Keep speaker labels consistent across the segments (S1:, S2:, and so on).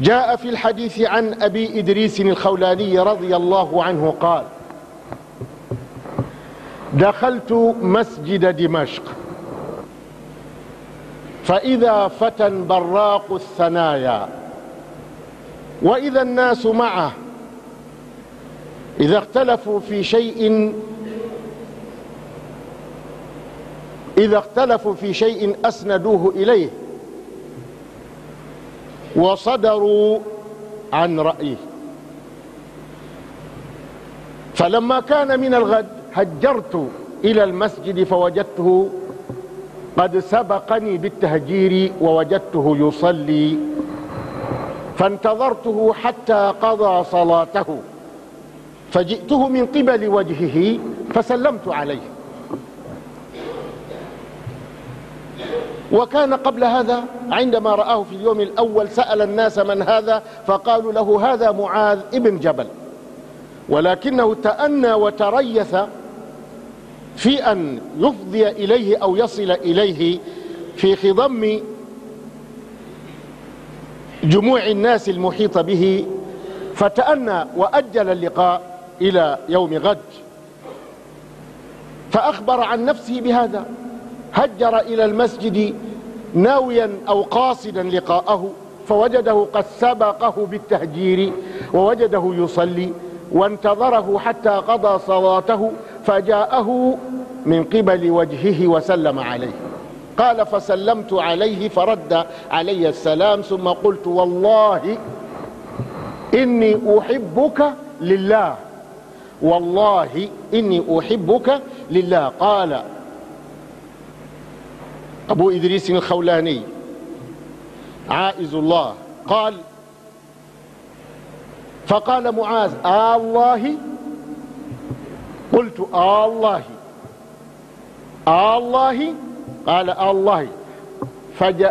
S1: جاء في الحديث عن أبي إدريس الخولاني رضي الله عنه قال دخلت مسجد دمشق فإذا فتى براق الثنايا وإذا الناس معه إذا اختلفوا في شيء إذا اختلفوا في شيء أسندوه إليه وصدروا عن رأيه فلما كان من الغد هجرت إلى المسجد فوجدته قد سبقني بالتهجير ووجدته يصلي فانتظرته حتى قضى صلاته فجئته من قبل وجهه فسلمت عليه وكان قبل هذا عندما رآه في اليوم الأول سأل الناس من هذا فقالوا له هذا معاذ ابن جبل ولكنه تأنى وتريث في أن يفضي إليه أو يصل إليه في خضم جموع الناس المحيط به فتأنى وأجل اللقاء إلى يوم غد فأخبر عن نفسه بهذا هجر إلى المسجد ناويا أو قاصدا لقاءه فوجده قد سبقه بالتهجير ووجده يصلي وانتظره حتى قضى صلاته فجاءه من قبل وجهه وسلم عليه قال فسلمت عليه فرد علي السلام ثم قلت والله إني أحبك لله والله إني أحبك لله قال أبو إدريس الخولاني عائز الله قال فقال معاذ آه الله قلت آه الله آه الله قال آه الله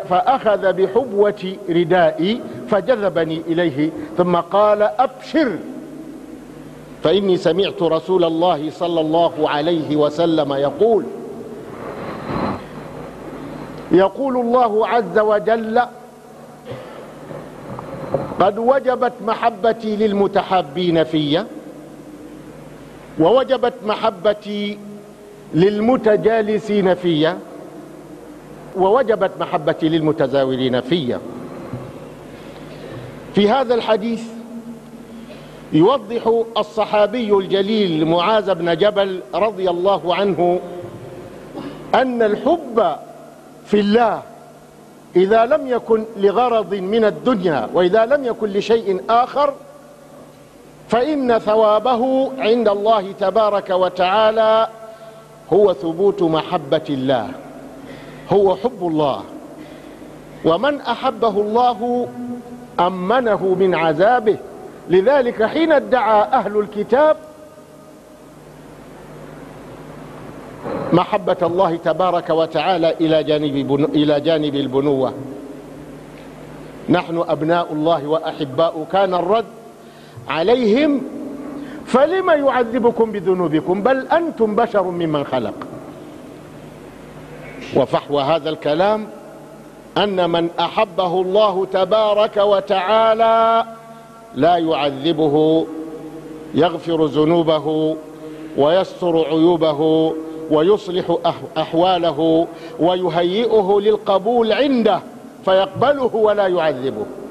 S1: فأخذ بحبوة ردائي فجذبني إليه ثم قال أبشر فإني سمعت رسول الله صلى الله عليه وسلم يقول يقول الله عز وجل قد وجبت محبتي للمتحابين في ووجبت محبتي للمتجالسين في ووجبت محبتي للمتزاورين في في هذا الحديث يوضح الصحابي الجليل معاذ بن جبل رضي الله عنه أن الحب في الله إذا لم يكن لغرض من الدنيا وإذا لم يكن لشيء آخر فإن ثوابه عند الله تبارك وتعالى هو ثبوت محبة الله هو حب الله ومن أحبه الله أمنه من عذابه لذلك حين ادعى أهل الكتاب محبة الله تبارك وتعالى إلى جانب, إلى جانب البنوة نحن أبناء الله وأحباء كان الرد عليهم فلما يعذبكم بذنوبكم بل أنتم بشر ممن خلق وفحوى هذا الكلام أن من أحبه الله تبارك وتعالى لا يعذبه يغفر ذنوبه ويستر عيوبه ويصلح أحواله ويهيئه للقبول عنده فيقبله ولا يعذبه